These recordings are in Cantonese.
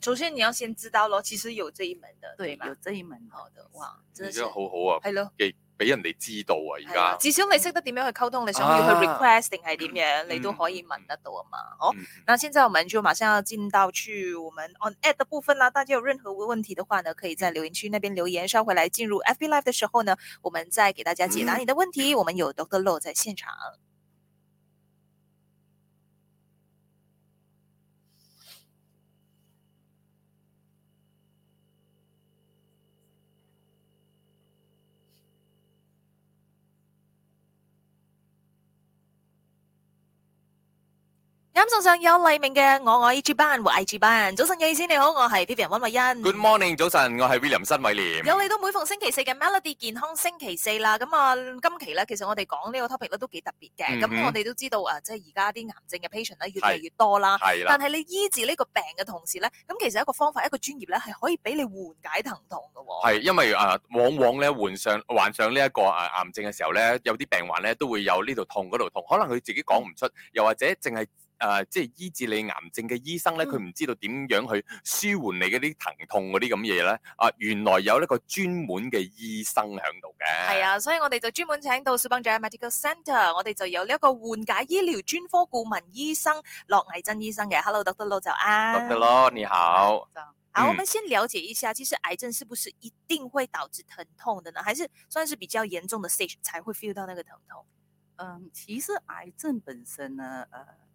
首先你要先知道咯，其實有這一門的，對吧？對嗎有這一門好的，哇，真係好好啊，係咯了，俾俾人哋知道啊，而家至少你識得點樣去溝通，你、啊、想要去 request 定係點樣，啊嗯、你都可以問得到啊嘛。嗯、好，嗯、那現在我們就馬上要進到去我們 on ad 的部分啦。大家有任何問題的話呢，可以在留言區那邊留言。稍回來進入 FB Live 的時候呢，我們再給大家解答你的問題。嗯、我們有 Dr. Low 在現場。感受上有黎明嘅我愛 E G 班和 I G 班，早晨嘅意思你好，我係 Vivian 温慧欣。Good morning，早晨我係 William 申偉廉。有嚟到每逢星期四嘅 Melody 健康星期四啦，咁啊，今期咧其實我哋講呢個 topic 咧都幾特別嘅，咁我哋都知道啊，即係而家啲癌症嘅 patient 咧越嚟越多啦，係啦。但係你醫治呢個病嘅同時咧，咁其實一個方法，一個專業咧係可以俾你緩解疼痛嘅喎。係因為啊，往往咧患上患上呢一個啊癌症嘅時候咧，有啲病患咧都會有呢度痛嗰度痛，可能佢自己講唔出，又或者淨係。誒、呃，即係醫治你癌症嘅醫生咧，佢唔知道點樣去舒緩你嗰啲疼痛嗰啲咁嘢咧。啊、呃，原來有呢個專門嘅醫生喺度嘅。係啊，所以我哋就專門請到 s Subang Jaya Medical Center，我哋就有呢一個緩解醫療專科顧問醫生駱藝珍醫生嘅。Hello，doctor Lo，早安。Doctor，你好。好安、嗯啊，我們先了解一下，其實癌症是不是一定會導致疼痛的呢？還是算是比較嚴重的 stage 才會 feel 到那個疼痛？嗯，其實癌症本身呢，誒、呃。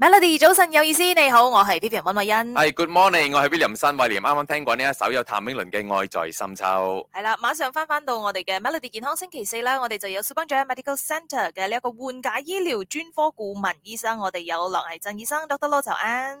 Melody，早晨有意思，你好，我係 Vivian 溫慧欣。係 Good morning，我係 Vivian 吳新偉廉，啱啱聽過呢一首有譚詠麟嘅《愛在深秋》。係啦，馬上翻翻到我哋嘅 Melody 健康星期四啦，我哋就有少幫助喺 Medical Centre 嘅呢一個換假醫療專科顧問醫生，我哋有羅毅鎮醫生 Dr. Law，早安。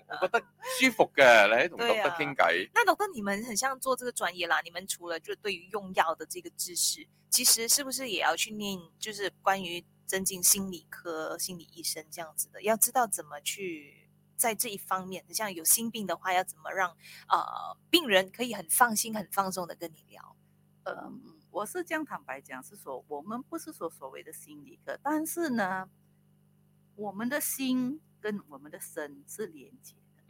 我覺得舒服嘅，你喺同 doctor 傾偈。那 doctor，你們很像做這個專業啦。你們除了就對於用藥的這個知識，其實是不是也要去念，就是關於增進心理科、心理醫生這樣子的，要知道怎麼去在這一方面，你像有心病的話，要怎麼讓呃病人可以很放心、很放鬆的跟你聊。嗯，我是這樣坦白講，是說我們不是說所謂的心理科，但是呢，我們的心跟我們的神是連接。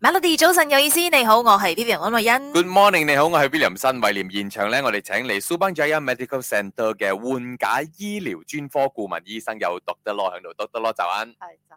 Melody 早晨有意思，你好，我係 Vivian 溫慧欣。Good morning，你好，我係 Vivian 新慧廉。現場咧，我哋請嚟 Subang JayaMedical Centre 嘅緩解醫療專科顧問醫生，又篤得咯，響度篤得咯就。係就。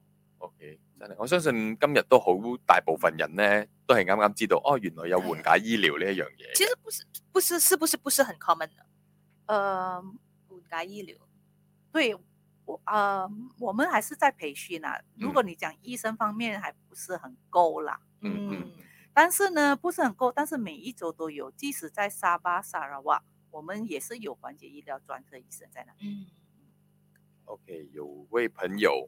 O K，真係，okay, 我相信今日都好，大部分人呢，都係啱啱知道哦，原來有緩解醫療呢一樣嘢。其實不是，不是，是不是不是很 common？誒，緩、呃、解醫療，對我，誒、呃，我們還是在培訓啦。如果你講醫生方面還不是很夠啦，嗯，嗯，但是呢，不是很夠，但是每一周都有，即使在沙巴、沙拉話，我們也是有緩解醫療專科醫生在那裏。嗯，O K，有位朋友。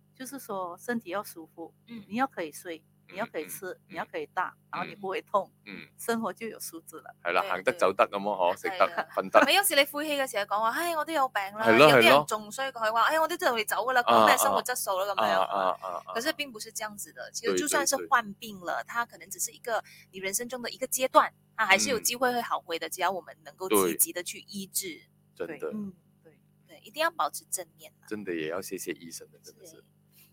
就是說，身體要舒服，嗯，你要可以睡，你要可以吃，你要可以大，然後你不會痛，嗯，生活就有素質了。係啦，行得走得咁咯，哦，食得瞓得。你有時你晦氣嘅時候講話，唉，我都有病啦，有啲人仲衰過佢，話，哎我都準備走噶啦，講咩生活質素咯咁樣。啊啊可是並不是這樣子的，其實就算是患病了，它可能只是一個你人生中的一個階段，它還是有機會會好回的，只要我們能夠積極的去醫治。真的，嗯，對對，一定要保持正面。真的也要謝謝醫生的，真的是。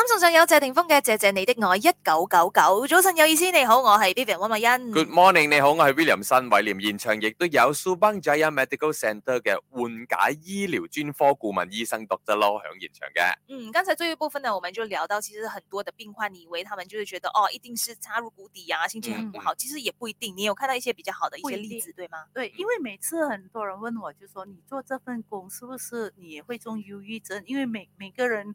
感仲上有謝霆鋒嘅《謝謝你的愛》，一九九九早晨有意思，你好，我係 Vivian 汪曼欣。Good morning，你好，我係 William 新偉廉。現場亦都有 Subang Jaya Medical Centre 嘅緩解醫療專科顧問醫生獨質咯，響現場嘅。嗯，剛才最後一部分呢，我們就聊到，其實很多的病患你以為他們就是覺得，哦，一定是插入谷底啊，心情很不好。嗯、其實也不一定，你有看到一些比較好的一些例子，烈對嗎？對，因為每次很多人問我就說，你做這份工，是不是你也會中憂鬱症？因為每每個人。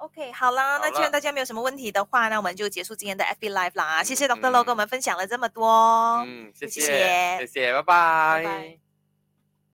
OK，好啦，好啦，那既然大家沒有什麼問題的話，那我們就結束今天的 FB Live 啦。嗯、謝謝 Doctor Lo 跟我們分享了這麼多，嗯，謝謝，謝謝，謝謝，拜拜。拜拜。